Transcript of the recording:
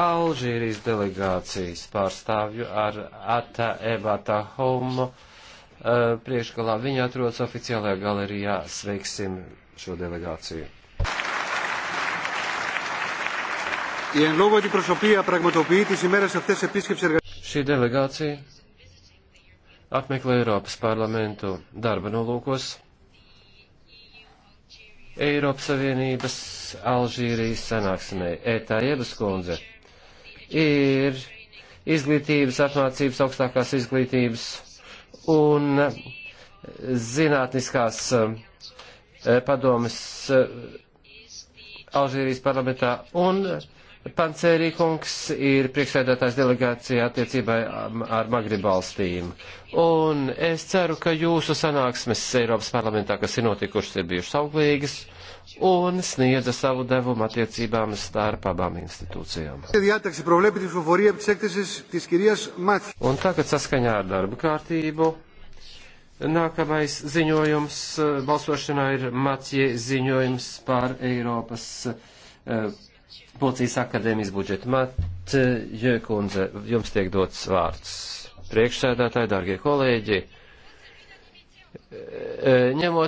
Alžīrijas delegācijas pārstāvju ar Ata Ebata Homo eh, priekšgalā. Viņa atrodas oficiālajā galerijā. Sveiksim šo delegāciju. Šī delegācija apmeklē Eiropas parlamentu darba nolūkos, Eiropas Savienības Alžīrijas sanāksmē. Ētā Jebas kundze ir izglītības, apmācības, augstākās izglītības un zinātniskās eh, padomas eh, Alžīrijas parlamentā. Un Pancērīkungs ir priekšsēdētājs delegācijā attiecībā ar Magribalstīm. Un es ceru, ka jūsu sanāksmes Eiropas parlamentā, kas ir notikušas, ir bijušas auglīgas un sniedza savu devumu attiecībām starp abām institūcijām. Un tagad saskaņā ar darba kārtību nākamais ziņojums eh, balsošanā ir Matjē ziņojums par Eiropas eh, Policijas akadēmijas budžetu. Matjē kundze, jums tiek dots vārds. Priekšsēdētāji, dārgie kolēģi, eh, ņemot